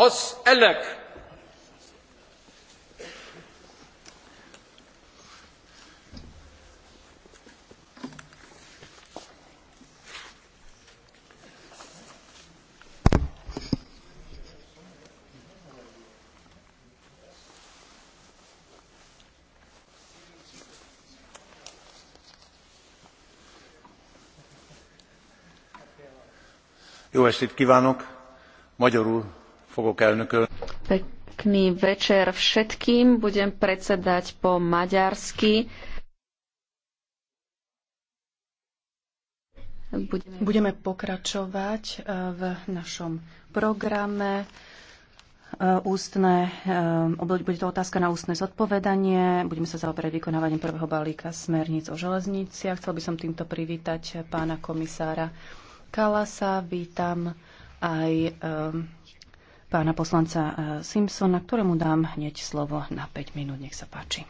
az elek. Jó estét kívánok! Magyarul Pekný večer všetkým. Budem predsedať po maďarsky. Budeme... pokračovať eh, v našom programe. Eh, ústne, eh, bude to otázka na ústne zodpovedanie. Budeme sa zaoberať vykonávaním prvého balíka smerníc o železniciach. Chcel by som týmto privítať pána komisára Kalasa. Vítam aj pána poslanca eh, Simpsona, ktorému dám hneď slovo na 5 minút. Nech sa páči.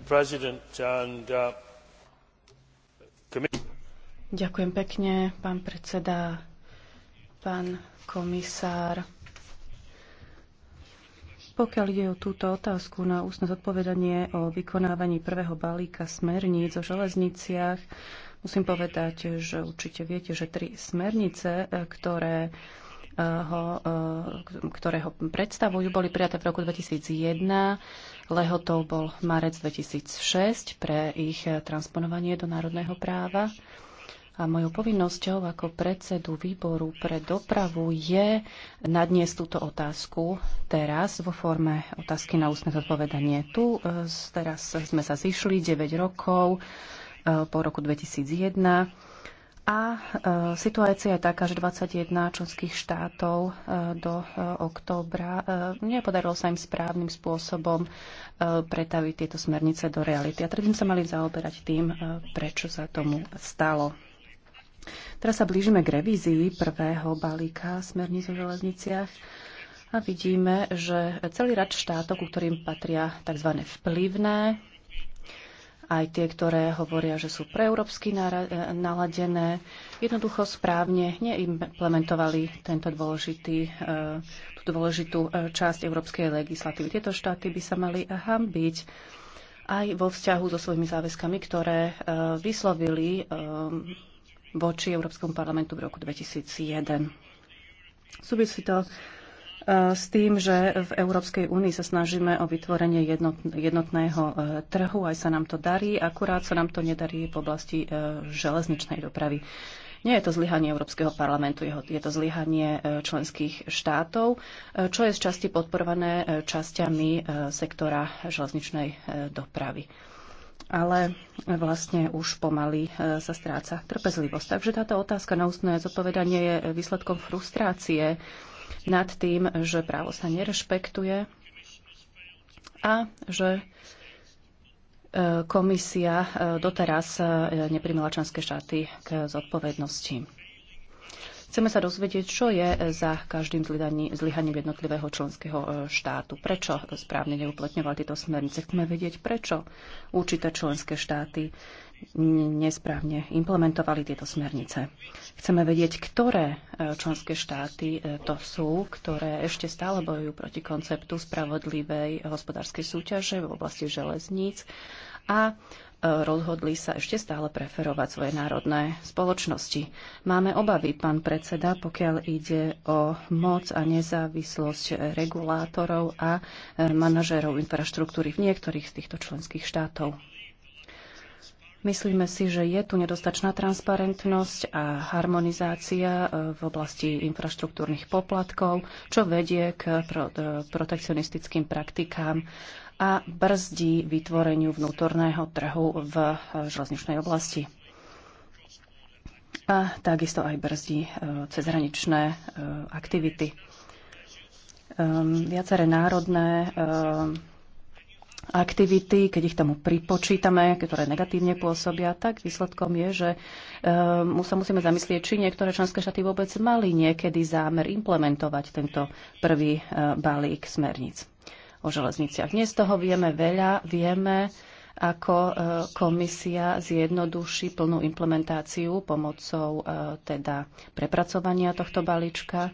Uh, Ďakujem pekne, pán predseda, pán komisár. Pokiaľ ide o túto otázku na ústne zodpovedanie o vykonávaní prvého balíka smerníc o železniciach, musím povedať, že určite viete, že tri smernice, eh, ktoré ho, eh, ktoré ho predstavujú, boli prijaté v roku 2001. Lehotou bol marec 2006 pre ich transponovanie do národného práva. A mojou povinnosťou ako predsedu výboru pre dopravu je nadniesť túto otázku teraz vo forme otázky na ústne zodpovedanie. Tu eh, teraz sme sa zišli 9 rokov eh, po roku 2001 a e, situácia je taká, že 21 členských štátov e, do e, októbra e, nepodarilo sa im správnym spôsobom e, pretaviť tieto smernice do reality. A teda sa mali zaoberať tým, e, prečo sa tomu stalo. Teraz sa blížime k revízii prvého balíka smerníc o železniciach a vidíme, že celý rad štátov, ku ktorým patria tzv. vplyvné aj tie, ktoré hovoria, že sú preeurópsky e, naladené, jednoducho správne neimplementovali tento dôležitý, e, tú dôležitú e, časť európskej legislatívy. Tieto štáty by sa mali hambiť aj vo vzťahu so svojimi záväzkami, ktoré vyslovili voči Európskemu parlamentu v roku 2001. Súvisí to E, s tým, že v Európskej únii sa snažíme o vytvorenie jednotného e, trhu, aj sa nám to darí, akurát sa nám to nedarí v oblasti e, železničnej dopravy. Nie je to zlyhanie Európskeho parlamentu, je to zlyhanie členských štátov, čo je z časti podporované časťami sektora železničnej dopravy. Ale vlastne už pomaly sa stráca trpezlivosť. Takže táto otázka na ústne zodpovedanie je výsledkom frustrácie nad tým, že právo sa nerešpektuje a že e, komisia e, doteraz e, neprimila členské štáty k zodpovednosti. Chceme sa dozvedieť, čo je za každým zlyhaním jednotlivého členského e, štátu. Prečo správne neuplatňovali tieto smernice? Chceme vedieť, prečo určité členské štáty nesprávne implementovali tieto smernice. Chceme vedieť, ktoré e, členské štáty e, to sú, ktoré ešte stále bojujú proti konceptu spravodlivej hospodárskej súťaže v oblasti železníc a rozhodli sa ešte stále preferovať svoje národné spoločnosti. Máme obavy, pán predseda, pokiaľ ide o moc a nezávislosť regulátorov a manažérov infraštruktúry v niektorých z týchto členských štátov. Myslíme si, že je tu nedostačná transparentnosť a harmonizácia e, v oblasti infraštruktúrnych poplatkov, čo vedie k e, protekcionistickým praktikám a brzdí vytvoreniu vnútorného trhu v eh, železničnej oblasti. A takisto aj brzdí eh, cezhraničné eh, aktivity. Ehm, viaceré národné ehm, aktivity, keď ich tomu pripočítame, ktoré negatívne pôsobia, tak výsledkom je, že ehm, mu sa musíme zamyslieť, či niektoré členské štáty vôbec mali niekedy zámer implementovať tento prvý balík smerníc o železniciach. Dnes toho vieme veľa, vieme, ako e, komisia zjednoduší plnú implementáciu pomocou e, teda prepracovania tohto balíčka.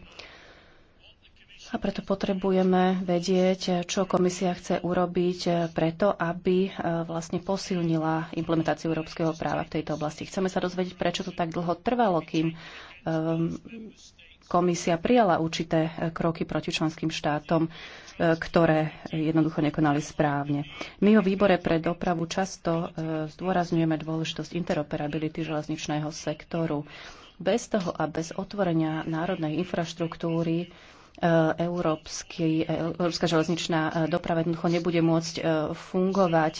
A preto potrebujeme vedieť, čo komisia chce urobiť e, preto, aby vlastne posilnila implementáciu európskeho práva v tejto oblasti. Chceme sa dozvedieť, prečo to tak dlho trvalo, kým komisia prijala určité kroky proti členským štátom ktoré jednoducho nekonali správne. My o výbore pre dopravu často e, zdôrazňujeme dôležitosť interoperability železničného sektoru. Bez toho a bez otvorenia národnej infraštruktúry e, Európsky, e, Európska železničná doprava jednoducho nebude môcť fungovať.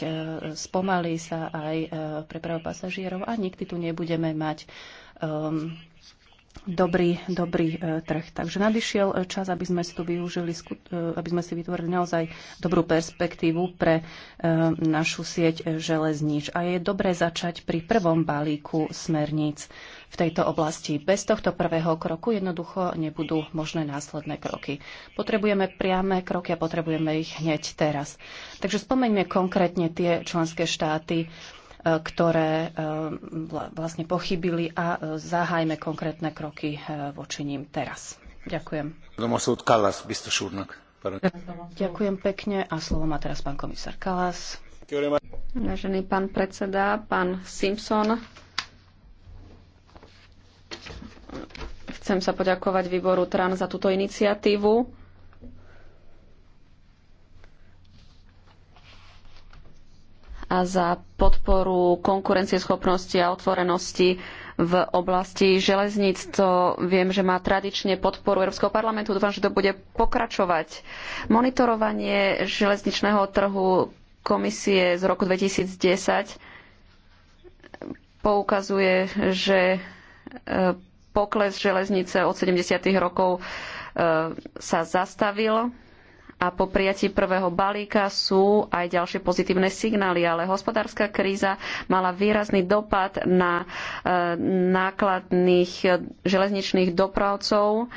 Spomalí sa aj preprava pasažierov a nikdy tu nebudeme mať um, dobrý, dobrý e, trh. Takže nadišiel e, čas, aby sme si tu využili, e, aby sme si vytvorili naozaj dobrú perspektívu pre našu sieť železníč. A je dobré začať pri prvom balíku smerníc v tejto oblasti. Bez tohto prvého kroku jednoducho nebudú možné následné kroky. Potrebujeme priame kroky a potrebujeme ich hneď teraz. Takže spomeňme konkrétne tie členské štáty, E, ktoré e, vlastne pochybili a e, zahájme konkrétne kroky voči ním teraz. Ďakujem. Ďakujem pekne a slovo má teraz pán komisár Kalas. Vážený pán predseda, pán Simpson, chcem sa poďakovať výboru TRAN za túto iniciatívu. a za podporu konkurencieschopnosti a otvorenosti v oblasti železníc. To viem, že má tradične podporu Európskeho parlamentu. Dúfam, že to bude pokračovať. Monitorovanie železničného trhu komisie z roku 2010 poukazuje, že e, pokles železnice od 70. rokov e, sa zastavil a po prijatí prvého balíka sú aj ďalšie pozitívne signály, ale hospodárska kríza mala výrazný dopad na e, nákladných e, železničných dopravcov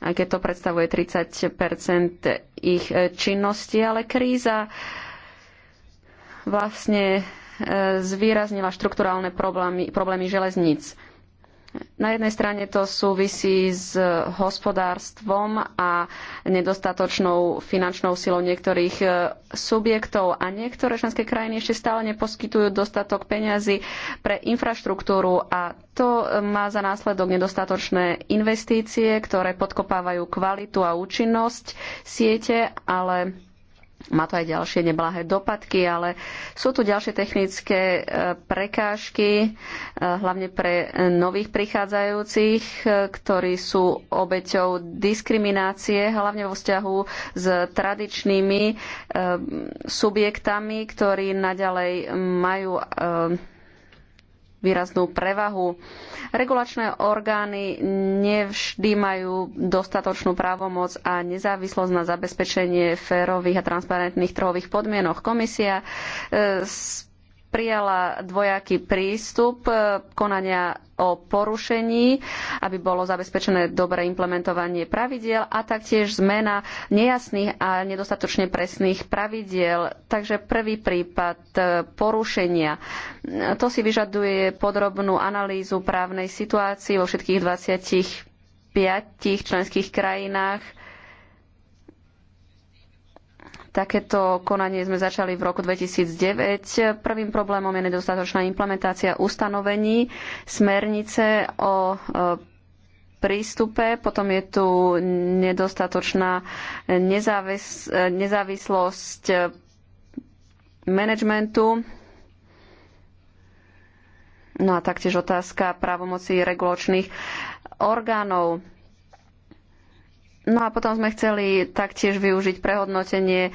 aj keď to predstavuje 30 ich e, činnosti, ale kríza vlastne zvýraznila štrukturálne problémy, problémy železníc. Na jednej strane to súvisí s hospodárstvom a nedostatočnou finančnou silou niektorých e, subjektov a niektoré členské krajiny ešte stále neposkytujú dostatok peňazí pre infraštruktúru a to e, má za následok nedostatočné investície, ktoré podkopávajú kvalitu a účinnosť siete, ale má to aj ďalšie neblahé dopadky, ale sú tu ďalšie technické e, prekážky, e, hlavne pre nových prichádzajúcich, e, ktorí sú obeťou diskriminácie, hlavne vo vzťahu s tradičnými subjektami, ktorí naďalej majú výraznú prevahu. Regulačné orgány nevždy majú dostatočnú právomoc a nezávislosť na zabezpečenie férových a transparentných trhových podmienok. Komisia e, prijala dvojaký prístup e, konania o porušení, aby bolo zabezpečené dobré implementovanie pravidiel a taktiež zmena nejasných a nedostatočne presných pravidiel. Takže prvý prípad e, porušenia. To si vyžaduje podrobnú analýzu právnej situácii vo všetkých 25 členských krajinách Takéto konanie sme začali v roku 2009. Prvým problémom je nedostatočná implementácia ustanovení smernice o e, prístupe, potom je tu nedostatočná nezávis nezávislosť manažmentu No a taktiež otázka právomocí regulačných orgánov. No a potom sme chceli taktiež využiť prehodnotenie e,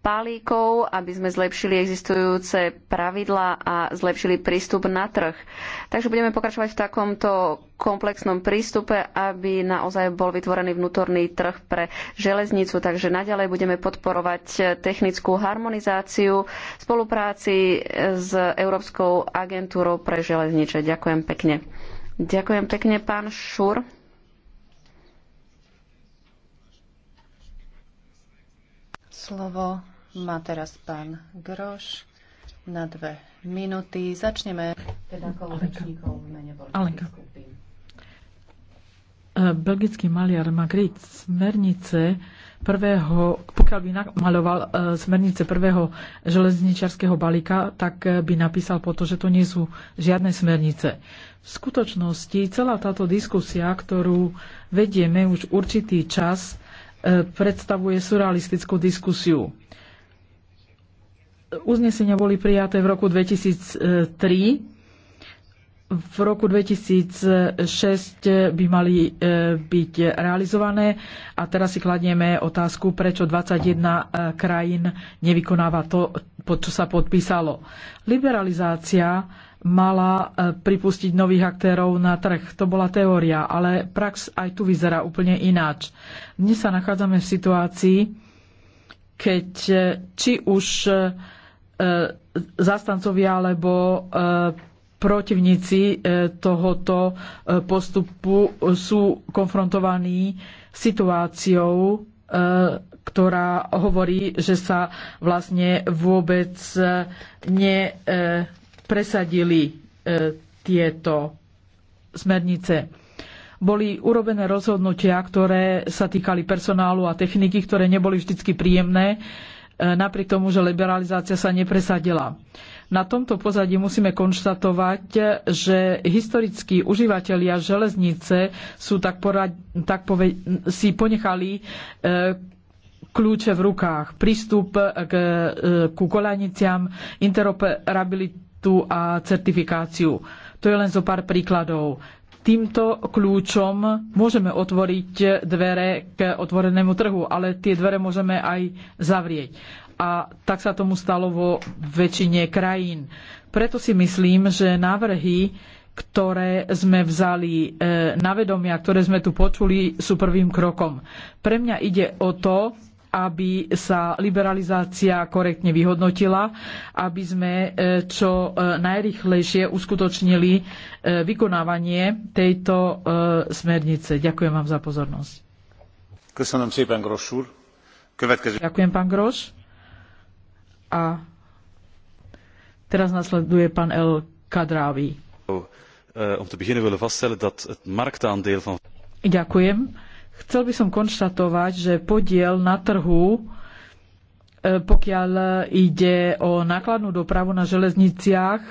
balíkov, aby sme zlepšili existujúce pravidlá a zlepšili prístup na trh. Takže budeme pokračovať v takomto komplexnom prístupe, aby naozaj bol vytvorený vnútorný trh pre železnicu. Takže naďalej budeme podporovať technickú harmonizáciu v spolupráci e, s Európskou agentúrou pre železnice. Ďakujem pekne. Ďakujem pekne, pán Šur. Slovo má teraz pán Groš na dve minúty. Začneme teda v mene Alenka. E, belgický maliar Magritte smernice prvého, pokiaľ by maloval e, smernice prvého železničarského balíka, tak e, by napísal po to, že to nie sú žiadne smernice. V skutočnosti celá táto diskusia, ktorú vedieme už určitý čas, E, predstavuje surrealistickú diskusiu. Uznesenia boli prijaté v roku 2003 v roku 2006 by mali e, byť realizované a teraz si kladieme otázku, prečo 21 e, krajín nevykonáva to, pod čo sa podpísalo. Liberalizácia mala e, pripustiť nových aktérov na trh. To bola teória, ale prax aj tu vyzerá úplne ináč. Dnes sa nachádzame v situácii, keď či už zastancovia alebo protivníci e, tohoto e, postupu sú konfrontovaní situáciou, e, ktorá hovorí, že sa vlastne vôbec nepresadili tieto smernice. Boli urobené rozhodnutia, ktoré sa týkali personálu a techniky, ktoré neboli vždy príjemné, napriek tomu, že liberalizácia sa nepresadila. Na tomto pozadí musíme konštatovať, že historickí užívateľia železnice sú tak, porad, tak si ponechali e, kľúče v rukách. Prístup k, e, ku kolaniciam, interoperabilitu a certifikáciu. To je len zo pár príkladov. Týmto kľúčom môžeme otvoriť dvere k otvorenému trhu, ale tie dvere môžeme aj zavrieť a tak sa tomu stalo vo väčšine krajín. Preto si myslím, že návrhy, ktoré sme vzali e, na vedomia, ktoré sme tu počuli, sú prvým krokom. Pre mňa ide o to, aby sa liberalizácia korektne vyhodnotila, aby sme e, čo e, najrychlejšie uskutočnili vykonávanie tejto smernice. Ďakujem vám za pozornosť. Ďakujem, pán Groš. A teraz nasleduje pán El Kadrávi. Om te beginnen willen vaststellen dat het marktaandeel van... Ďakujem. Chcel by som konštatovať, že podiel na trhu e, pokiaľ ide o nákladnú dopravu na železniciach,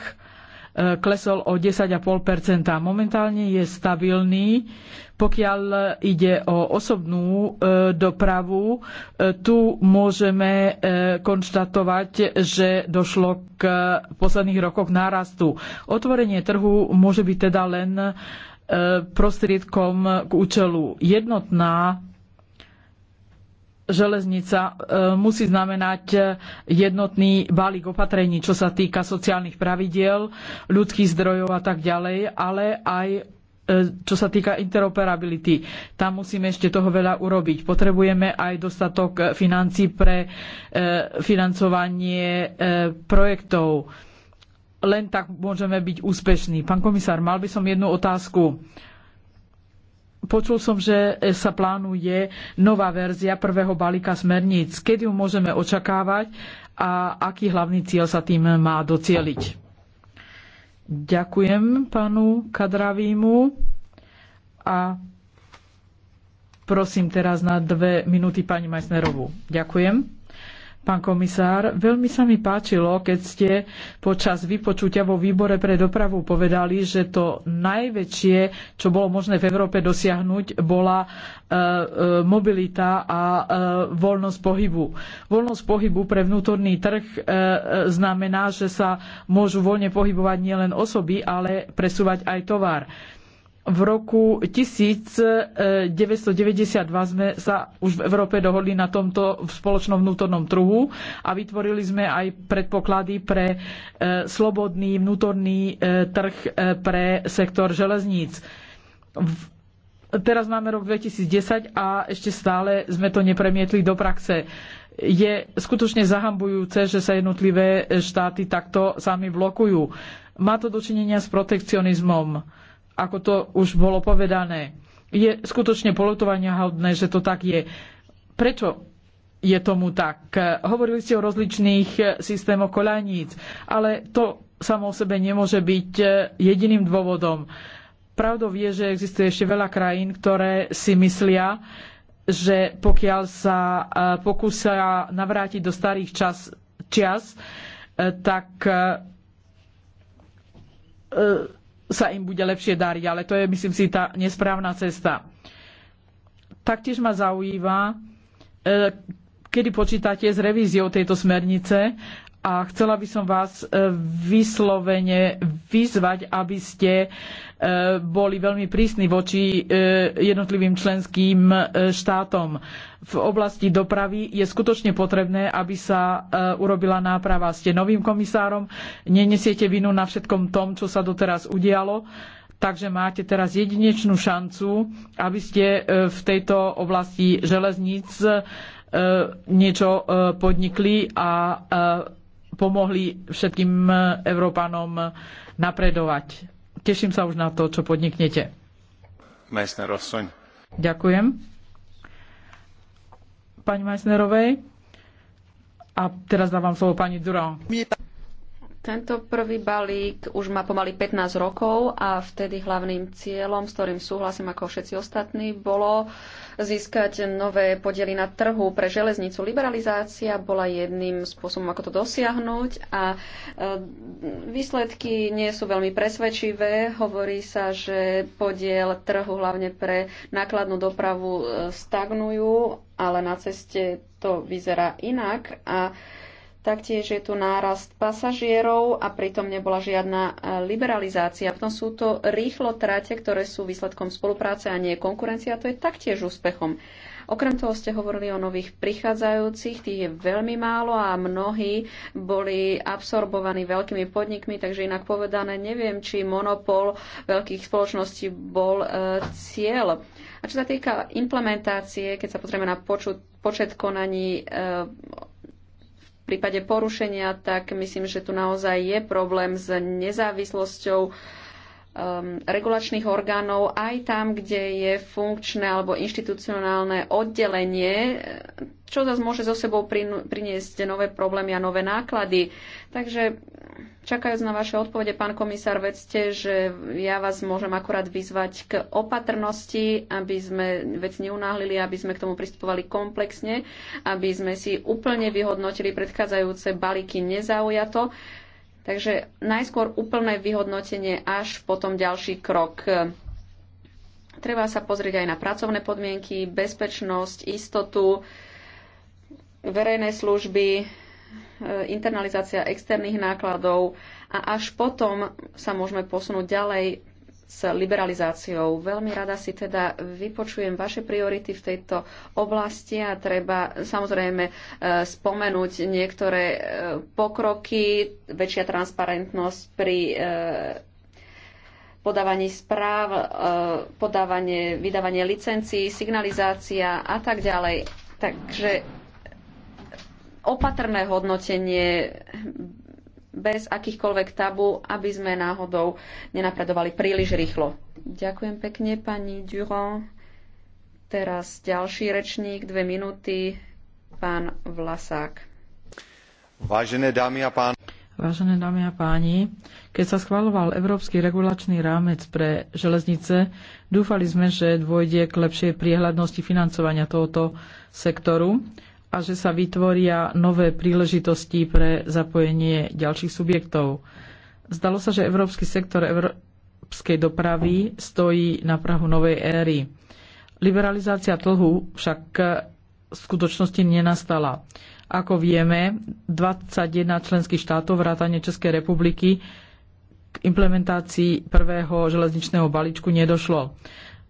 Eh, klesol o 10,5 Momentálne je stabilný. Pokiaľ ide o osobnú eh, dopravu, eh, tu môžeme konštatovať, že došlo k posledných rokoch nárastu. Otvorenie trhu môže byť teda len prostriedkom k účelu. Jednotná železnica e, musí znamenať e, jednotný balík opatrení, čo sa týka sociálnych pravidiel, ľudských zdrojov a tak ďalej, ale aj e, čo sa týka interoperability. Tam musíme ešte toho veľa urobiť. Potrebujeme aj dostatok financí pre financovanie projektov. Len tak môžeme byť úspešní. Pán komisár, mal by som jednu otázku Počul som, že e, sa plánuje nová verzia prvého balíka smerníc. Kedy ju môžeme očakávať a aký hlavný cieľ sa tým má docieliť? Ďakujem pánu Kadravímu a prosím teraz na dve minúty pani Majsnerovú. Ďakujem. Pán komisár, veľmi sa mi páčilo, keď ste počas vypočutia vo výbore pre dopravu povedali, že to najväčšie, čo bolo možné v Európe dosiahnuť, bola e, e, mobilita a e, voľnosť pohybu. Voľnosť pohybu pre vnútorný trh znamená, že sa môžu voľne pohybovať nielen osoby, ale presúvať aj tovar v roku 1992 e, sme sa už v Európe dohodli na tomto spoločnom vnútornom trhu a vytvorili sme aj predpoklady pre e, slobodný vnútorný e, trh pre sektor železníc. Teraz máme rok 2010 a ešte stále sme to nepremietli do praxe je skutočne zahambujúce, že sa jednotlivé štáty takto sami blokujú. Má to dočinenia s protekcionizmom ako to už bolo povedané. Je skutočne polotovania hodné, že to tak je. Prečo je tomu tak? Hovorili ste o rozličných systémoch koľaníc, ale to samo o sebe nemôže byť eh, jediným dôvodom. Pravdou je, že existuje ešte veľa krajín, ktoré si myslia, že pokiaľ sa eh, pokúsia navrátiť do starých čas, čias, eh, tak sa im bude lepšie dariť, ale to je, myslím si, tá nesprávna cesta. Taktiež ma zaujíva, e, kedy počítate s revíziou tejto smernice a chcela by som vás e, vyslovene vyzvať, aby ste e, boli veľmi prísni voči e, jednotlivým členským štátom. V oblasti dopravy je skutočne potrebné, aby sa urobila náprava. Ste novým komisárom, nenesiete vinu na všetkom tom, čo sa doteraz udialo. Takže máte teraz jedinečnú šancu, aby ste v tejto oblasti železníc niečo podnikli a pomohli všetkým eh, Európanom eh, napredovať. Teším sa už na to, čo podniknete. Meissner Ďakujem. Pani Majsnerovej. A teraz dávam slovo pani Durán. Tento prvý balík už má pomaly 15 rokov a vtedy hlavným cieľom, s ktorým súhlasím ako všetci ostatní, bolo získať nové podiely na trhu pre železnicu. Liberalizácia bola jedným spôsobom, ako to dosiahnuť a e, výsledky nie sú veľmi presvedčivé. Hovorí sa, že podiel trhu hlavne pre nákladnú dopravu e, stagnujú, ale na ceste to vyzerá inak a Taktiež je tu nárast pasažierov a pritom nebola žiadna e, liberalizácia. Potom sú to rýchlo trate, ktoré sú výsledkom spolupráce a nie konkurencia. To je taktiež úspechom. Okrem toho ste hovorili o nových prichádzajúcich, tých je veľmi málo a mnohí boli absorbovaní veľkými podnikmi, takže inak povedané neviem, či monopol veľkých spoločností bol e, cieľ. A čo sa týka implementácie, keď sa pozrieme na počut, počet konaní e, prípade porušenia, tak myslím, že tu naozaj je problém s nezávislosťou um, regulačných orgánov aj tam, kde je funkčné alebo inštitucionálne oddelenie, čo zase môže zo sebou priniesť nové problémy a nové náklady. Takže čakajúc na vaše odpovede, pán komisár, vedzte, že ja vás môžem akurát vyzvať k opatrnosti, aby sme vec neunáhlili, aby sme k tomu pristupovali komplexne, aby sme si úplne vyhodnotili predchádzajúce balíky nezaujato Takže najskôr úplné vyhodnotenie, až potom ďalší krok. Treba sa pozrieť aj na pracovné podmienky, bezpečnosť, istotu, verejné služby, e, internalizácia externých nákladov a až potom sa môžeme posunúť ďalej s liberalizáciou. Veľmi rada si teda vypočujem vaše priority v tejto oblasti a treba samozrejme e, spomenúť niektoré e, pokroky, väčšia transparentnosť pri e, podávaní správ, podávanie, vydávanie licencií, signalizácia a tak ďalej. Takže opatrné hodnotenie bez akýchkoľvek tabu, aby sme náhodou nenapredovali príliš rýchlo. Ďakujem pekne, pani Durand. Teraz ďalší rečník, dve minúty, pán Vlasák. Vážené dámy a páni, Vážené dámy a páni, keď sa schvaloval Európsky regulačný rámec pre železnice, dúfali sme, že dôjde k lepšej priehľadnosti financovania tohoto sektoru a že sa vytvoria nové príležitosti pre zapojenie ďalších subjektov. Zdalo sa, že európsky sektor európskej dopravy stojí na prahu novej éry. Liberalizácia trhu však v skutočnosti nenastala. Ako vieme, 21 členských štátov vrátane Českej republiky k implementácii prvého železničného balíčku nedošlo.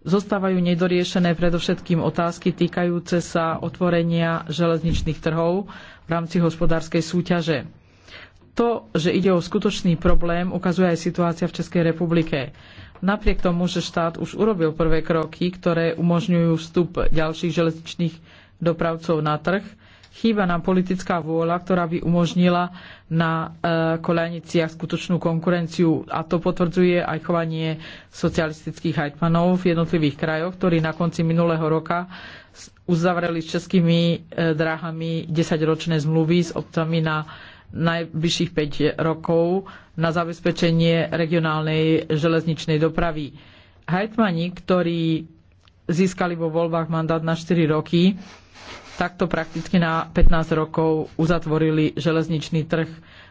Zostávajú nedoriešené predovšetkým otázky týkajúce sa otvorenia železničných trhov v rámci hospodárskej súťaže. To, že ide o skutočný problém, ukazuje aj situácia v Českej republike. Napriek tomu, že štát už urobil prvé kroky, ktoré umožňujú vstup ďalších železničných dopravcov na trh, Chýba nám politická vôľa, ktorá by umožnila na e, koľajniciach skutočnú konkurenciu a to potvrdzuje aj chovanie socialistických hajtmanov v jednotlivých krajoch, ktorí na konci minulého roka uzavreli s českými e, dráhami 10-ročné zmluvy s obcami na najbližších 5 rokov na zabezpečenie regionálnej železničnej dopravy. Hajtmani, ktorí získali vo voľbách mandát na 4 roky, takto prakticky na 15 rokov uzatvorili železničný trh.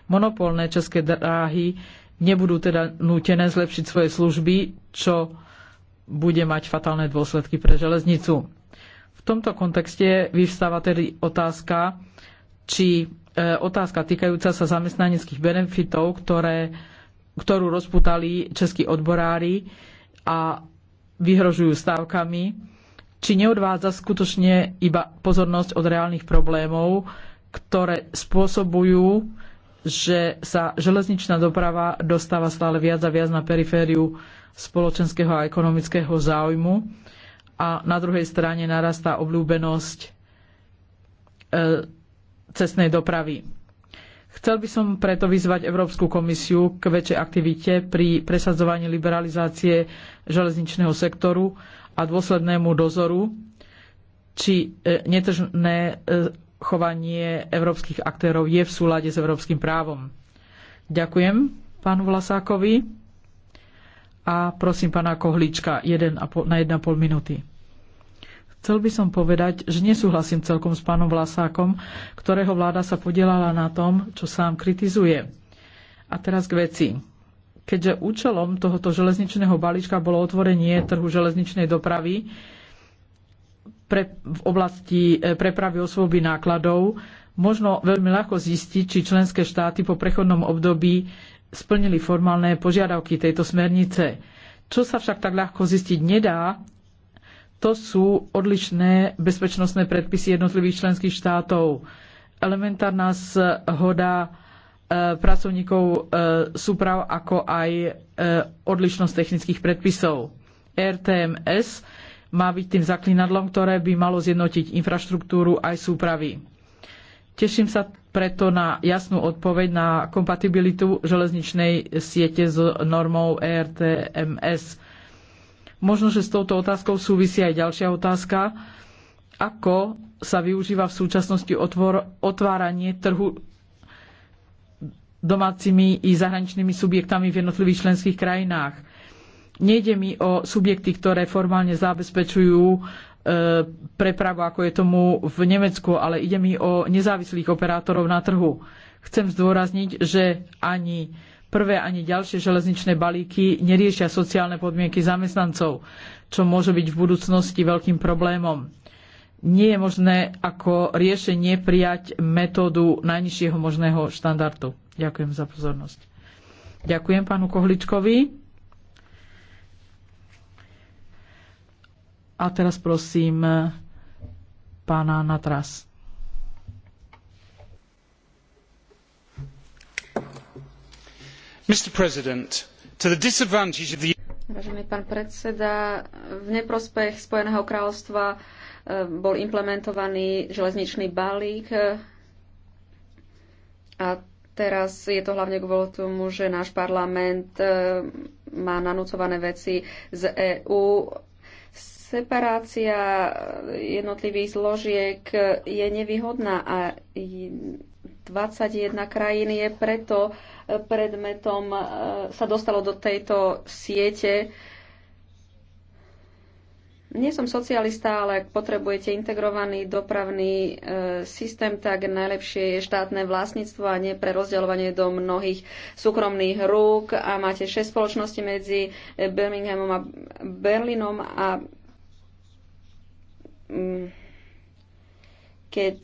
Monopolné české dráhy nebudú teda nútené zlepšiť svoje služby, čo bude mať fatálne dôsledky pre železnicu. V tomto kontexte vyvstáva tedy otázka, či e, otázka týkajúca sa zamestnaneckých benefitov, ktoré, ktorú rozputali českí odborári a vyhrožujú stávkami, či neodvádza skutočne iba pozornosť od reálnych problémov, ktoré spôsobujú, že sa železničná doprava dostáva stále viac a viac na perifériu spoločenského a ekonomického záujmu a na druhej strane narastá obľúbenosť e, cestnej dopravy. Chcel by som preto vyzvať Európsku komisiu k väčšej aktivite pri presadzovaní liberalizácie železničného sektoru a dôslednému dozoru, či e, netržné e, chovanie európskych aktérov je v súlade s európskym právom. Ďakujem pánu Vlasákovi a prosím pána Kohlička na 1,5 minúty. Chcel by som povedať, že nesúhlasím celkom s pánom Vlasákom, ktorého vláda sa podielala na tom, čo sám kritizuje. A teraz k veci keďže účelom tohoto železničného balíčka bolo otvorenie trhu železničnej dopravy pre, v oblasti e, prepravy osôby nákladov, možno veľmi ľahko zistiť, či členské štáty po prechodnom období splnili formálne požiadavky tejto smernice. Čo sa však tak ľahko zistiť nedá, to sú odlišné bezpečnostné predpisy jednotlivých členských štátov. Elementárna zhoda E, pracovníkov e, súprav, ako aj e, odlišnosť technických predpisov. RTMS má byť tým zaklinadlom, ktoré by malo zjednotiť infraštruktúru aj súpravy. Teším sa preto na jasnú odpoveď na kompatibilitu železničnej siete s normou ERTMS. Možno, že s touto otázkou súvisí aj ďalšia otázka, ako sa využíva v súčasnosti otvor, otváranie trhu domácimi i zahraničnými subjektami v jednotlivých členských krajinách. Nejde mi o subjekty, ktoré formálne zabezpečujú e, prepravu, ako je tomu v Nemecku, ale ide mi o nezávislých operátorov na trhu. Chcem zdôrazniť, že ani prvé, ani ďalšie železničné balíky neriešia sociálne podmienky zamestnancov, čo môže byť v budúcnosti veľkým problémom nie je možné ako riešenie prijať metódu najnižšieho možného štandardu. Ďakujem za pozornosť. Ďakujem pánu Kohličkovi. A teraz prosím pána Natras. Mr. President, to the disadvantage of the... Vážený pán predseda, v neprospech Spojeného kráľovstva Ehm, bol implementovaný železničný balík ehm, a teraz je to hlavne kvôli tomu, že náš parlament ehm, má nanúcované veci z EÚ. Separácia jednotlivých zložiek je nevyhodná a 21 krajín je preto predmetom, sa dostalo do tejto siete nie som socialista, ale ak potrebujete integrovaný dopravný e, systém, tak najlepšie je štátne vlastníctvo a nie pre rozdeľovanie do mnohých súkromných rúk. A máte 6 spoločností medzi Birminghamom a Berlinom a mm, keď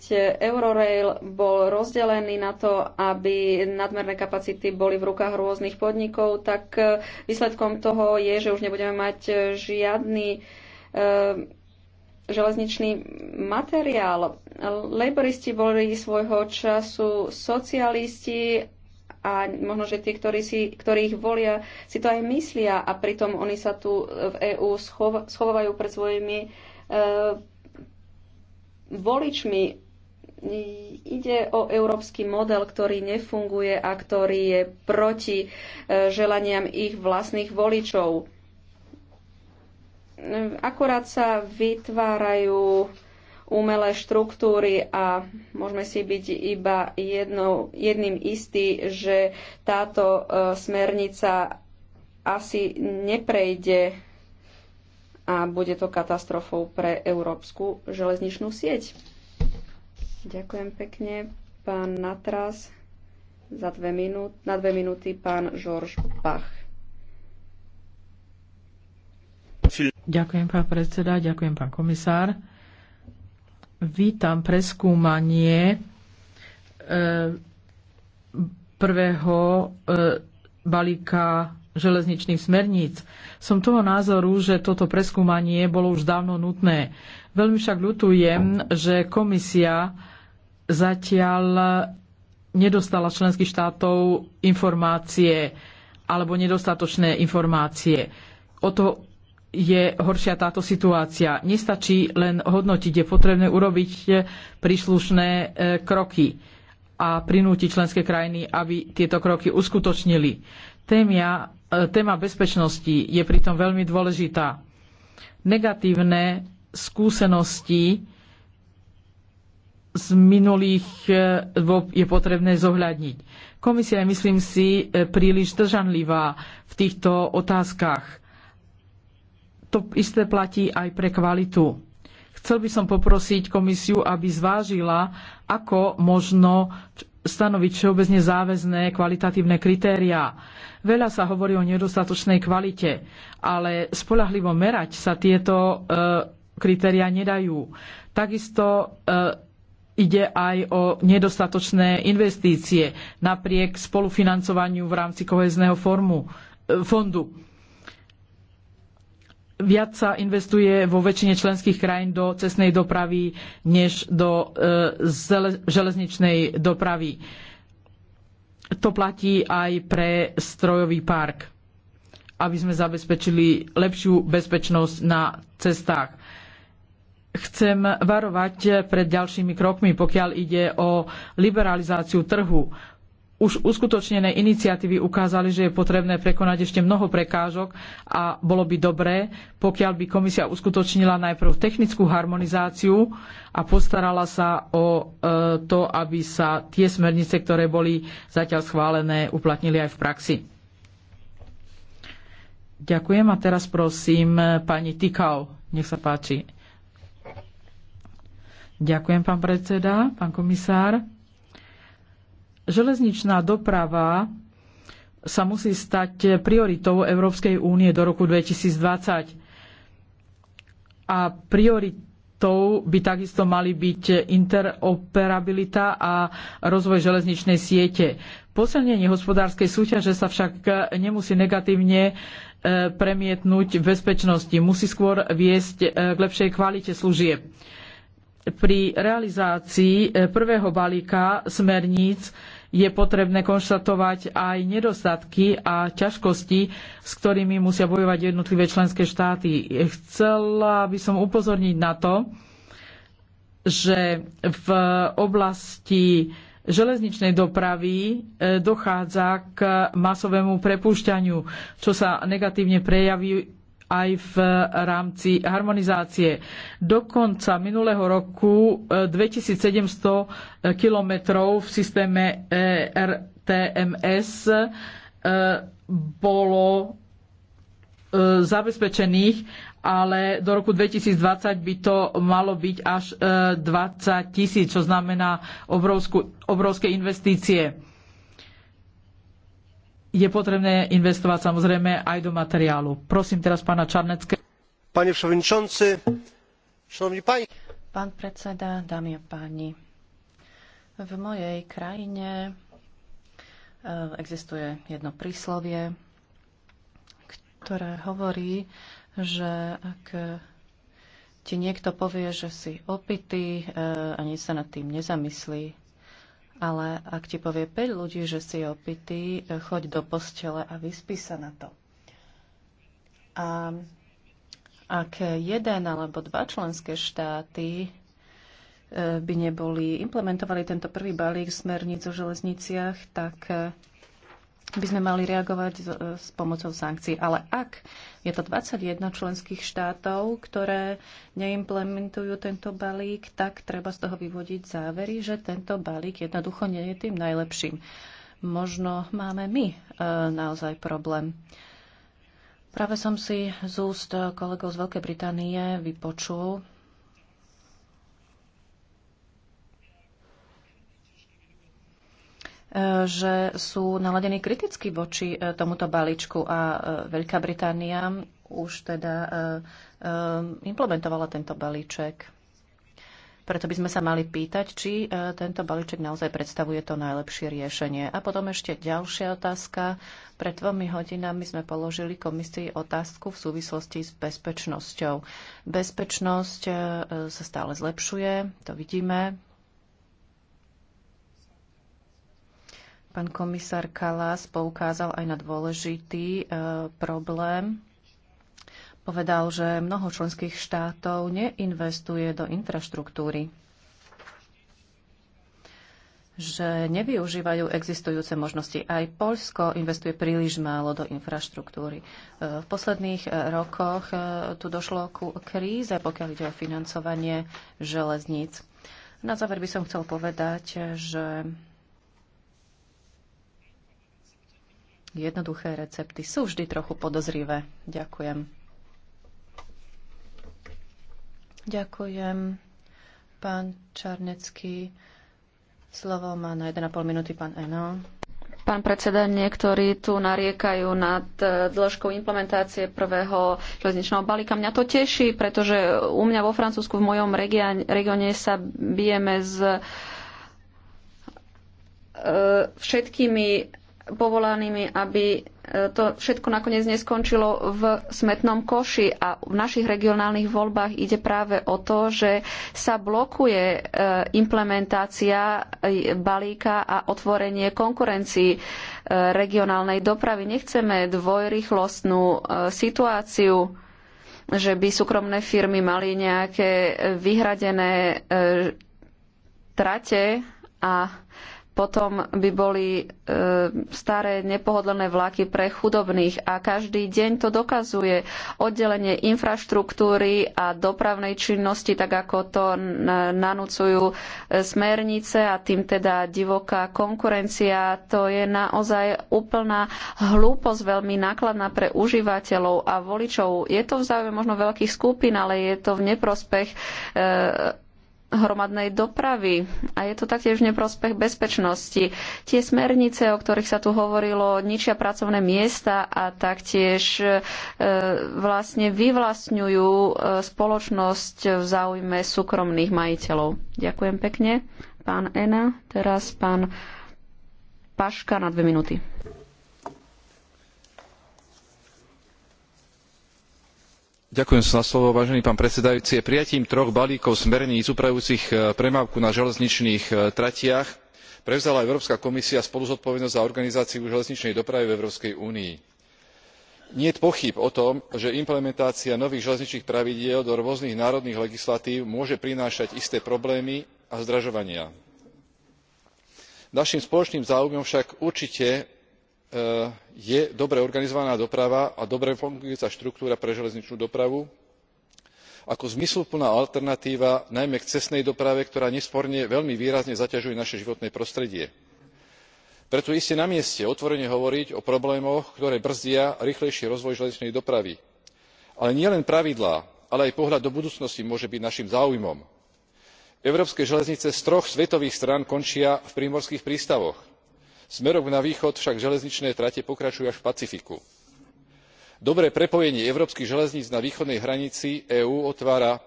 Eurorail bol rozdelený na to, aby nadmerné kapacity boli v rukách rôznych podnikov, tak e, výsledkom toho je, že už nebudeme mať žiadny Ehm, železničný materiál. Laboristi boli svojho času socialisti a možno, že tí, ktorí, si, ktorí ich volia, si to aj myslia a pritom oni sa tu v EÚ schovajú pred svojimi uh, voličmi. Ide o európsky model, ktorý nefunguje a ktorý je proti uh, želaniam ich vlastných voličov akurát sa vytvárajú umelé štruktúry a môžeme si byť iba jedno, jedným istý, že táto e, smernica asi neprejde a bude to katastrofou pre európsku železničnú sieť. Ďakujem pekne, pán Natras. Za dve minút, na dve minúty pán Žorž Bach. Ďakujem, pán predseda, ďakujem, pán komisár. Vítam preskúmanie e, prvého e, balíka železničných smerníc. Som toho názoru, že toto preskúmanie bolo už dávno nutné. Veľmi však ľutujem, že komisia zatiaľ nedostala členských štátov informácie alebo nedostatočné informácie. O to je horšia táto situácia. Nestačí len hodnotiť, je potrebné urobiť príslušné e, kroky a prinútiť členské krajiny, aby tieto kroky uskutočnili. Témia, e, téma bezpečnosti je pritom veľmi dôležitá. Negatívne skúsenosti z minulých e, je potrebné zohľadniť. Komisia je, myslím si, príliš držanlivá v týchto otázkach to isté platí aj pre kvalitu. Chcel by som poprosiť komisiu, aby zvážila, ako možno stanoviť všeobecne záväzné kvalitatívne kritériá. Veľa sa hovorí o nedostatočnej kvalite, ale spolahlivo merať sa tieto e, kritériá nedajú. Takisto e, ide aj o nedostatočné investície napriek spolufinancovaniu v rámci kohezného formu, e, fondu viac sa investuje vo väčšine členských krajín do cestnej dopravy než do e, železničnej dopravy. To platí aj pre strojový park, aby sme zabezpečili lepšiu bezpečnosť na cestách. Chcem varovať pred ďalšími krokmi, pokiaľ ide o liberalizáciu trhu už uskutočnené iniciatívy ukázali, že je potrebné prekonať ešte mnoho prekážok a bolo by dobré, pokiaľ by komisia uskutočnila najprv technickú harmonizáciu a postarala sa o e, to, aby sa tie smernice, ktoré boli zatiaľ schválené, uplatnili aj v praxi. Ďakujem a teraz prosím pani Tikau, nech sa páči. Ďakujem, pán predseda, pán komisár. Železničná doprava sa musí stať prioritou Európskej únie do roku 2020. A prioritou by takisto mali byť interoperabilita a rozvoj železničnej siete. Posilnenie hospodárskej súťaže sa však nemusí negatívne e, premietnúť v bezpečnosti. Musí skôr viesť e, k lepšej kvalite služieb. Pri realizácii e, prvého balíka smerníc je potrebné konštatovať aj nedostatky a ťažkosti, s ktorými musia bojovať jednotlivé členské štáty. Chcela by som upozorniť na to, že v oblasti železničnej dopravy e, dochádza k masovému prepúšťaniu, čo sa negatívne prejaví aj v rámci harmonizácie. Do konca minulého roku 2700 eh, eh, kilometrov v systéme eh, RTMS bolo zabezpečených, ale do roku 2020 by to malo byť až 20 tisíc, čo znamená obrovskú, obrovské investície je potrebné investovať samozrejme aj do materiálu. Prosím teraz pána Čarnecké. Pane przewodniczący, szanowni państwo. Pán predseda, dámy a páni. V mojej krajine e, existuje jedno príslovie, ktoré hovorí, že ak ti niekto povie, že si opitý, e, ani sa nad tým nezamyslí, ale ak ti povie 5 ľudí, že si opitý, eh, choď do postele a vyspí sa na to. A ak jeden alebo dva členské štáty eh, by neboli implementovali tento prvý balík smerníc o železniciach, tak eh, by sme mali reagovať s, s pomocou sankcií. Ale ak je to 21 členských štátov, ktoré neimplementujú tento balík, tak treba z toho vyvodiť závery, že tento balík jednoducho nie je tým najlepším. Možno máme my e, naozaj problém. Práve som si z úst kolegov z Veľkej Británie vypočul, že sú naladení kriticky voči e, tomuto balíčku a e, Veľká Británia už teda e, implementovala tento balíček. Preto by sme sa mali pýtať, či tento balíček naozaj predstavuje to najlepšie riešenie. A potom ešte ďalšia otázka. Pred dvomi hodinami sme položili komisii otázku v súvislosti s bezpečnosťou. Bezpečnosť sa stále zlepšuje, to vidíme, Pán komisár Kalas poukázal aj na dôležitý e, problém. Povedal, že mnoho členských štátov neinvestuje do infraštruktúry že nevyužívajú existujúce možnosti. Aj Poľsko investuje príliš málo do infraštruktúry. E, v posledných e, rokoch e, tu došlo ku kríze, pokiaľ ide o financovanie železníc. Na záver by som chcel povedať, že Jednoduché recepty sú vždy trochu podozrivé. Ďakujem. Ďakujem. Pán Čarnecký, slovo má na 1,5 minúty pán Eno. Pán predseda, niektorí tu nariekajú nad e, dĺžkou implementácie prvého železničného balíka. Mňa to teší, pretože u mňa vo Francúzsku, v mojom regióne sa bijeme s e, všetkými povolanými, aby e, to všetko nakoniec neskončilo v smetnom koši. A v našich regionálnych voľbách ide práve o to, že sa blokuje e, implementácia e, balíka a otvorenie konkurencii regionálnej dopravy. Nechceme dvojrychlostnú situáciu že by súkromné firmy mali nejaké vyhradené trate a potom by boli e, staré nepohodlné vlaky pre chudobných a každý deň to dokazuje oddelenie infraštruktúry a dopravnej činnosti, tak ako to nanúcujú e, smernice a tým teda divoká konkurencia. To je naozaj úplná hlúposť, veľmi nákladná pre užívateľov a voličov. Je to v záujme možno veľkých skupín, ale je to v neprospech e, hromadnej dopravy a je to taktiež v neprospech bezpečnosti. Tie smernice, o ktorých sa tu hovorilo, ničia pracovné miesta a taktiež e, vlastne vyvlastňujú e, spoločnosť v záujme súkromných majiteľov. Ďakujem pekne. Pán Ena, teraz pán Paška na dve minúty. prijatím troch balíkov smerníc upravujúcich e, premávku na železničných e, tratiach prevzala európska komisia spoluzodpovednosť za organizáciu železničnej dopravy v európskej únii. niet pochýb o tom že implementácia nových železničných pravidiel do rôznych národných legislatív môže prinášať isté problémy a zdražovania. naším spoločným záujmom však určite E, je dobre organizovaná doprava a dobre fungujúca štruktúra pre železničnú dopravu ako zmysluplná alternatíva najmä k cestnej doprave ktorá nesporne veľmi výrazne zaťažuje naše životné prostredie. preto je iste mieste otvorene hovoriť o problémoch ktoré brzdia rýchlejší rozvoj železničnej dopravy. ale nielen pravidlá ale aj pohľad do budúcnosti môže byť naším záujmom. európske železnice z troch svetových strán končia v prímorských prístavoch smerom na východ však železničné trate pokračujú až v pacifiku. dobré prepojenie európskych železníc na východnej hranici eú otvára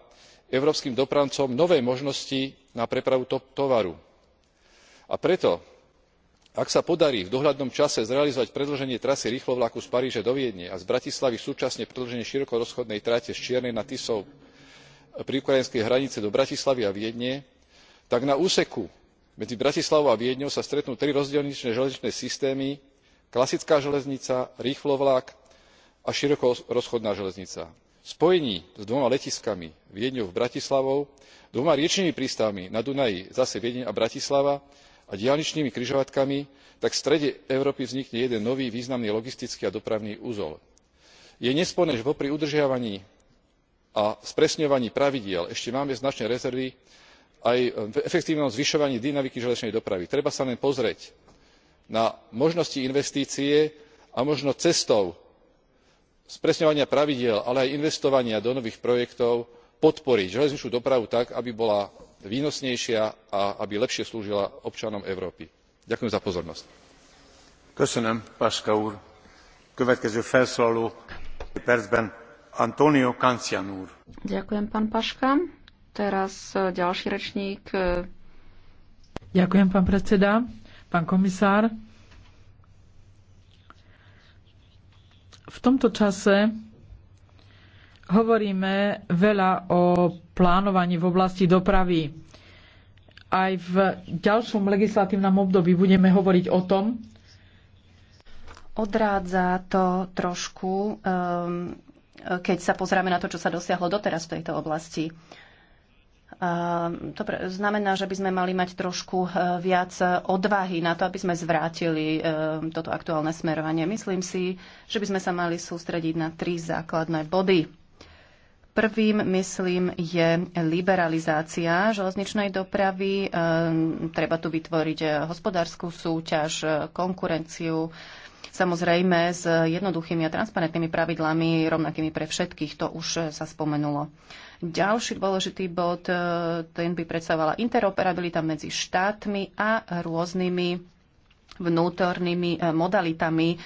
európskym dopravcom nové možnosti na prepravu tovaru a preto ak sa podarí v dohľadnom čase zrealizovať predĺženie trasy rýchlovlaku z paríža do viedne a z bratislavy súčasne predĺženie širokorozchodnej trate z čiernej nad tisou pri ukrajinskej hranice do bratislavy a viedne tak na úseku medzi bratislavou a viedňou sa stretnú tri rozdielne železničné systémy klasická železnica rýchlovlak a širokorozchodná železnica. v spojení s dvoma letiskami viedňou a bratislavou dvoma riečnymi prístavmi na dunaji zase viedeň a bratislava a diaľničnými križovatkami tak v strede európy vznikne jeden nový významný logistický a dopravný uzol. je nesporné že popri udržiavaní a spresňovaní pravidiel ešte máme značné rezervy aj e, v efektívnom zvyšovaní dynamiky železničnej dopravy. treba sa len pozrieť na možnosti investície a možno cestou spresňovania pravidiel ale aj investovania do nových projektov podporiť železničnú dopravu tak aby bola výnosnejšia a aby lepšie slúžila občanom európy. ďakujem za pozornosť. Ďakujem, Teraz e, ďalší rečník. E, Ďakujem, pán predseda, pán komisár. V tomto čase hovoríme veľa o plánovaní v oblasti dopravy. Aj v ďalšom legislatívnom období budeme hovoriť o tom. Odrádza to trošku, ehm, keď sa pozrieme na to, čo sa dosiahlo doteraz v tejto oblasti. Dobre, ehm, znamená, že by sme mali mať trošku eh, viac eh, odvahy na to, aby sme zvrátili ehm, toto aktuálne smerovanie. Myslím si, že by sme sa mali sústrediť na tri základné body. Prvým, myslím, je liberalizácia železničnej dopravy. Ehm, treba tu vytvoriť eh, hospodárskú súťaž, konkurenciu, samozrejme s jednoduchými a transparentnými pravidlami, rovnakými pre všetkých. To už sa spomenulo. Ďalší dôležitý bod, e, ten by predstavovala interoperabilita medzi štátmi a rôznymi vnútornými e, modalitami e,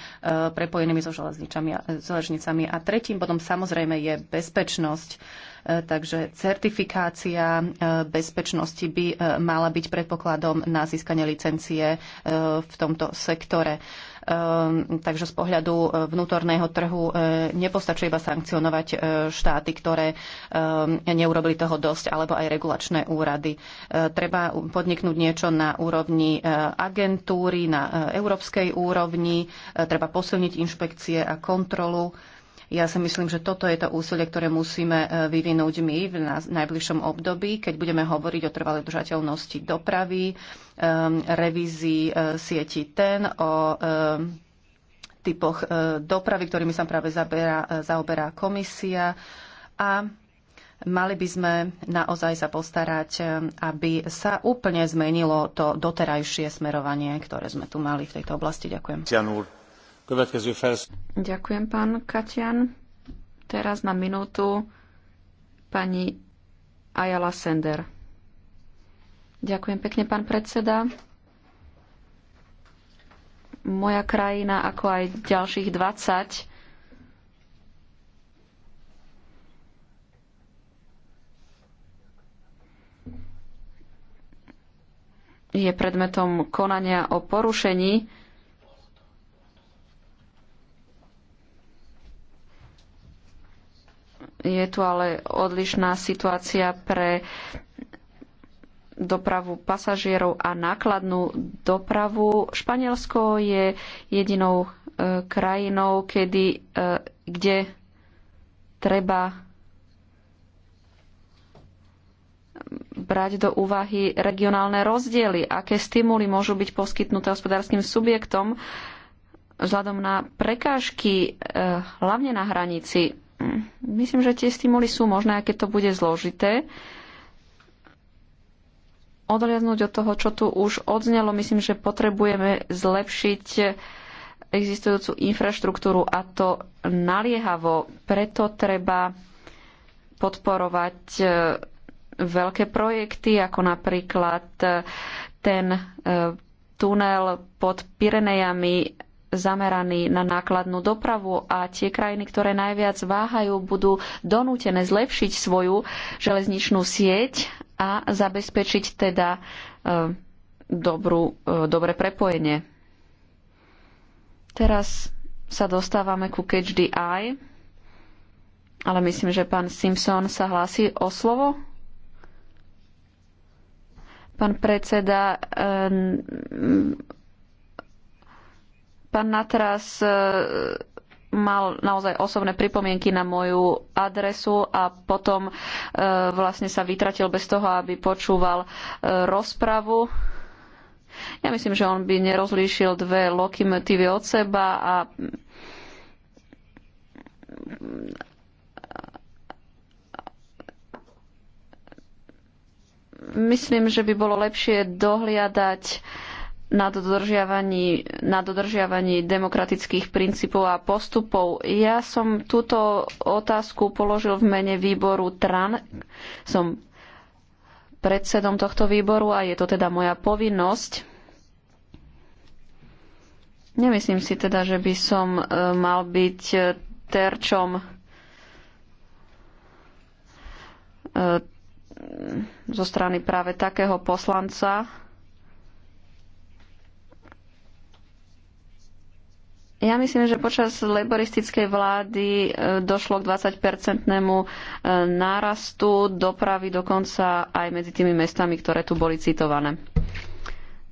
prepojenými so železnicami. A tretím bodom samozrejme je bezpečnosť. Takže certifikácia bezpečnosti by mala byť predpokladom na získanie licencie v tomto sektore. Ehm, takže z pohľadu e, vnútorného trhu e, nepostačuje iba sankcionovať e, štáty, ktoré ehm, neurobili toho dosť, alebo aj regulačné úrady. Treba podniknúť niečo na úrovni agentúry, na európskej úrovni, treba posilniť inšpekcie a kontrolu ja si myslím, že toto je to úsilie, ktoré musíme e, vyvinúť my v najbližšom období, keď budeme hovoriť o trvalej držateľnosti dopravy, e, revízii e, sieti TEN, o typoch dopravy, ktorými sa práve zaberá, zaoberá komisia a mali by sme naozaj sa postarať, aby sa úplne zmenilo to doterajšie smerovanie, ktoré sme tu mali v tejto oblasti. Ďakujem. Cianúr. Ďakujem, pán Katian. Teraz na minútu pani Ayala Sender. Ďakujem pekne, pán predseda. Moja krajina, ako aj ďalších 20, je predmetom konania o porušení Je tu ale odlišná situácia pre dopravu pasažierov a nákladnú dopravu. Španielsko je jedinou e, krajinou, kedy, e, kde treba brať do úvahy regionálne rozdiely, aké stimuly môžu byť poskytnuté hospodárskym subjektom vzhľadom na prekážky, e, hlavne na hranici Myslím, že tie stimuly sú možné, aké to bude zložité. Odhľadnúť od toho, čo tu už odznelo, myslím, že potrebujeme zlepšiť existujúcu infraštruktúru a to naliehavo. Preto treba podporovať e, veľké projekty, ako napríklad e, ten e, tunel pod Pirenejami zameraný na nákladnú dopravu a tie krajiny, ktoré najviac váhajú, budú donútené zlepšiť svoju železničnú sieť a zabezpečiť teda e, dobrú, e, dobré prepojenie. Teraz sa dostávame ku Catch the Eye, ale myslím, že pán Simpson sa hlási o slovo. Pán predseda, e, Pán Natras e, mal naozaj osobné pripomienky na moju adresu a potom e, vlastne sa vytratil bez toho, aby počúval e, rozpravu. Ja myslím, že on by nerozlíšil dve lokimotívy od seba a myslím, že by bolo lepšie dohliadať na dodržiavaní, na dodržiavaní demokratických princípov a postupov. Ja som túto otázku položil v mene výboru TRAN. Som predsedom tohto výboru a je to teda moja povinnosť. Nemyslím si teda, že by som e, mal byť e, terčom e, zo strany práve takého poslanca, Ja myslím, že počas laboristickej vlády e, došlo k 20-percentnému e, nárastu dopravy dokonca aj medzi tými mestami, ktoré tu boli citované.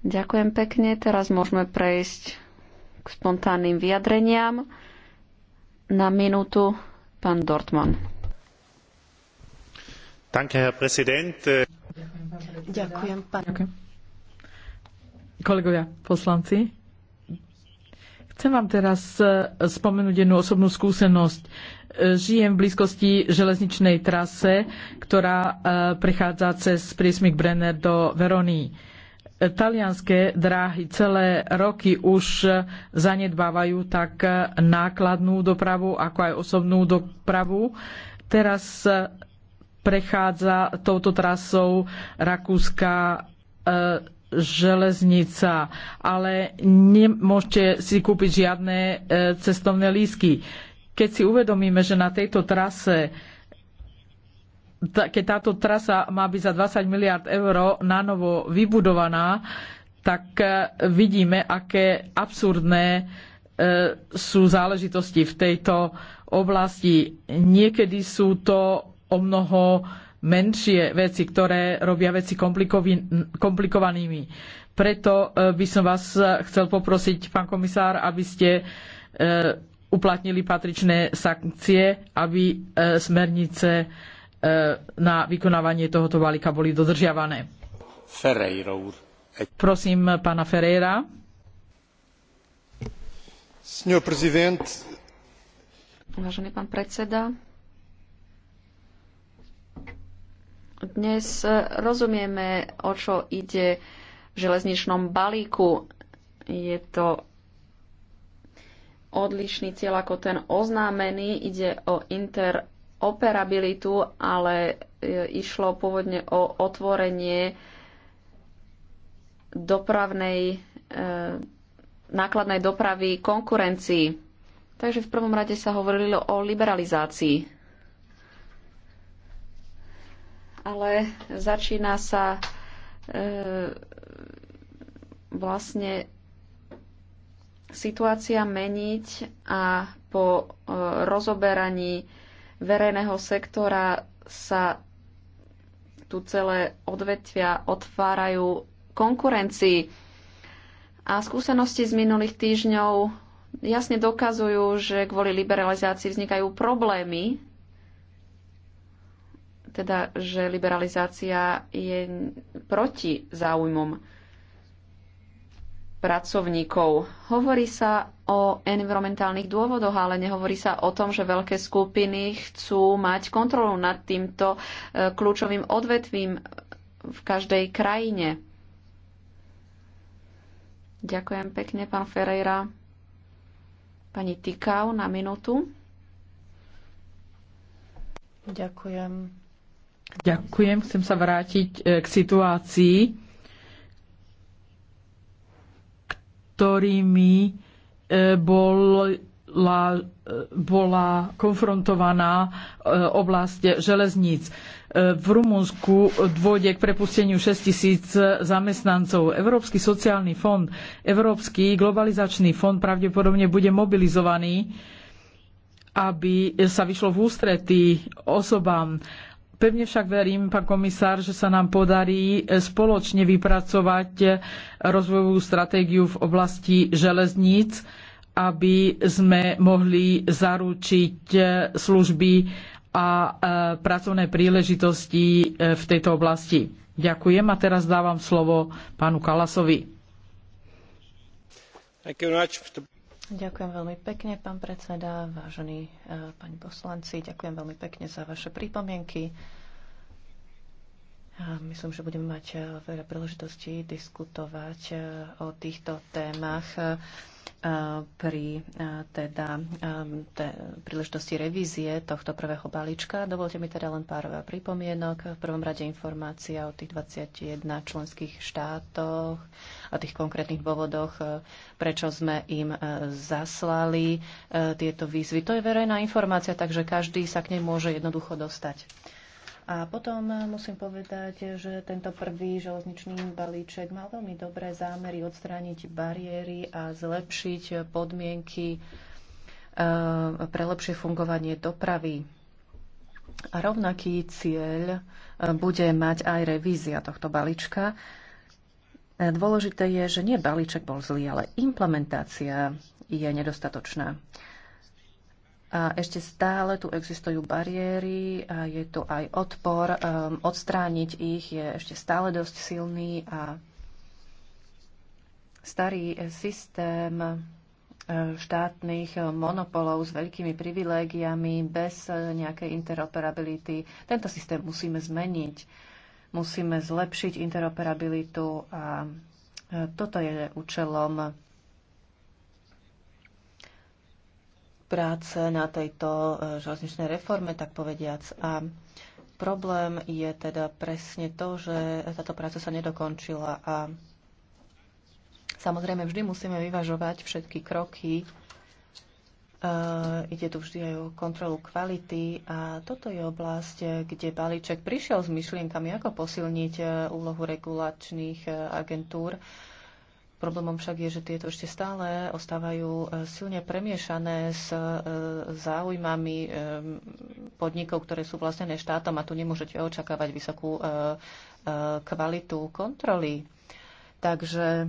Ďakujem pekne. Teraz môžeme prejsť k spontánnym vyjadreniam. Na minútu pán Dortman. Danke, Herr Präsident. Ďakujem, pán. Ďakujem. Kolegovia, poslanci, Chcem vám teraz e, spomenúť jednu osobnú skúsenosť. E, Žijem v blízkosti železničnej trase, ktorá e, prechádza cez priesmik Brenner do Veroní. Talianské dráhy celé roky už zanedbávajú tak nákladnú dopravu, ako aj osobnú dopravu. Teraz prechádza touto trasou Rakúska železnica, ale nemôžete si kúpiť žiadne e, cestovné lísky. Keď si uvedomíme, že na tejto trase keď táto trasa má byť za 20 miliard eur na novo vybudovaná, tak e, vidíme, aké absurdné e, sú záležitosti v tejto oblasti. Niekedy sú to o mnoho menšie veci, ktoré robia veci komplikovanými. Preto e, by som vás e, chcel poprosiť, pán komisár, aby ste e, uplatnili patričné sankcie, aby smernice na vykonávanie tohoto balíka boli dodržiavané. Prosím pána Ferreira. Vážený pán predseda, Dnes e, rozumieme, o čo ide v železničnom balíku. Je to odlišný cieľ ako ten oznámený. Ide o interoperabilitu, ale e, išlo pôvodne o otvorenie dopravnej, e, nákladnej dopravy konkurencii. Takže v prvom rade sa hovorilo o liberalizácii ale začína sa e, vlastne situácia meniť a po e, rozoberaní verejného sektora sa tu celé odvetvia otvárajú konkurencii. A skúsenosti z minulých týždňov jasne dokazujú, že kvôli liberalizácii vznikajú problémy teda, že liberalizácia je proti záujmom pracovníkov. Hovorí sa o environmentálnych dôvodoch, ale nehovorí sa o tom, že veľké skupiny chcú mať kontrolu nad týmto e, kľúčovým odvetvím v každej krajine. Ďakujem pekne, pán Ferreira. Pani Tikau na minútu. Ďakujem. Ďakujem. Chcem sa vrátiť e, k situácii, ktorými e, bola, e, bola konfrontovaná oblasť železníc. V Rumunsku dôjde k prepusteniu 6 tisíc zamestnancov. Európsky sociálny fond, Európsky globalizačný fond pravdepodobne bude mobilizovaný aby sa vyšlo v ústretí osobám Pevne však verím, pán komisár, že sa nám podarí eh, spoločne vypracovať eh, rozvojovú stratégiu v oblasti železníc, aby sme mohli zaručiť eh, služby a pracovné príležitosti v tejto oblasti. Ďakujem a teraz dávam slovo pánu Kalasovi. Ďakujem veľmi pekne, pán predseda, vážení eh, páni poslanci, ďakujem veľmi pekne za vaše pripomienky myslím, že budeme mať e, veľa príležitostí diskutovať e, o týchto témach e, pri teda, te, príležitosti revízie tohto prvého balíčka. Dovolte mi teda len pár pripomienok. V prvom rade informácia o tých 21 členských štátoch a tých konkrétnych dôvodoch, prečo sme im zaslali tieto výzvy. To je verejná informácia, takže každý sa k nej môže jednoducho dostať. A potom musím povedať, že tento prvý železničný balíček mal veľmi dobré zámery odstrániť bariéry a zlepšiť podmienky e, pre lepšie fungovanie dopravy. A rovnaký cieľ e, bude mať aj revízia tohto balíčka. E, dôležité je, že nie balíček bol zlý, ale implementácia je nedostatočná. A ešte stále tu existujú bariéry a je tu aj odpor. Um, odstrániť ich je ešte stále dosť silný a starý systém uh, štátnych monopolov s veľkými privilégiami bez uh, nejakej interoperability. Tento systém musíme zmeniť. Musíme zlepšiť interoperabilitu a uh, toto je účelom práce na tejto e, železničnej reforme, tak povediac. A problém je teda presne to, že táto práca sa nedokončila a samozrejme vždy musíme vyvažovať všetky kroky. E, ide tu vždy aj o kontrolu kvality a toto je oblasť, kde balíček prišiel s myšlienkami, ako posilniť e, úlohu regulačných e, agentúr. E, Problémom však je, že tieto ešte stále ostávajú e, silne premiešané s e, záujmami e, podnikov, ktoré sú vlastnené štátom a tu nemôžete očakávať vysokú kvalitu kontroly. Takže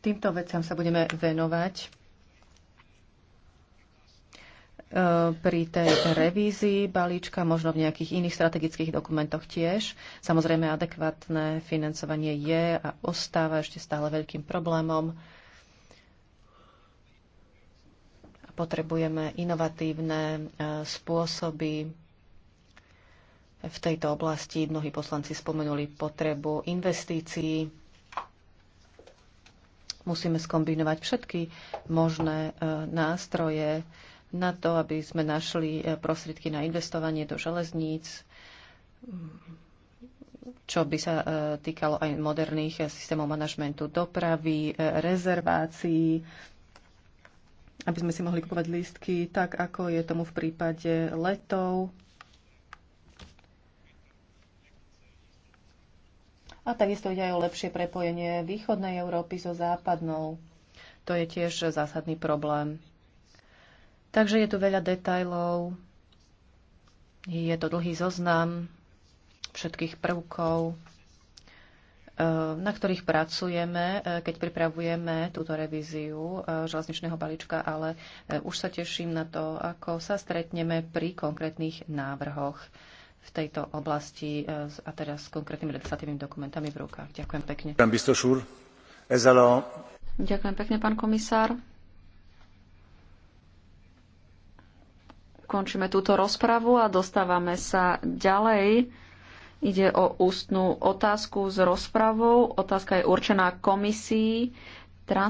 týmto veciam sa budeme venovať pri tej revízii balíčka, možno v nejakých iných strategických dokumentoch tiež. Samozrejme, adekvátne financovanie je a ostáva ešte stále veľkým problémom. Potrebujeme inovatívne e, spôsoby v tejto oblasti. Mnohí poslanci spomenuli potrebu investícií musíme skombinovať všetky možné e, nástroje na to, aby sme našli eh, prostriedky na investovanie do železníc, čo by sa eh, týkalo aj moderných eh, systémov manažmentu dopravy, rezervácií, aby sme si mohli kupovať lístky tak, ako je tomu v prípade letov. A takisto ide aj o lepšie prepojenie východnej Európy so západnou. To je tiež zásadný problém Takže je tu veľa detajlov, je to dlhý zoznam všetkých prvkov, eh, na ktorých pracujeme, eh, keď pripravujeme túto revíziu eh, železničného balíčka, ale už sa teším na to, ako sa stretneme pri konkrétnych návrhoch v tejto oblasti a teraz s konkrétnymi legislatívnymi dokumentami v rukách. Ďakujem pekne. Ďakujem pekne, pán komisár. Končíme túto rozpravu a dostávame sa ďalej. Ide o ústnú otázku s rozpravou. Otázka je určená komisii.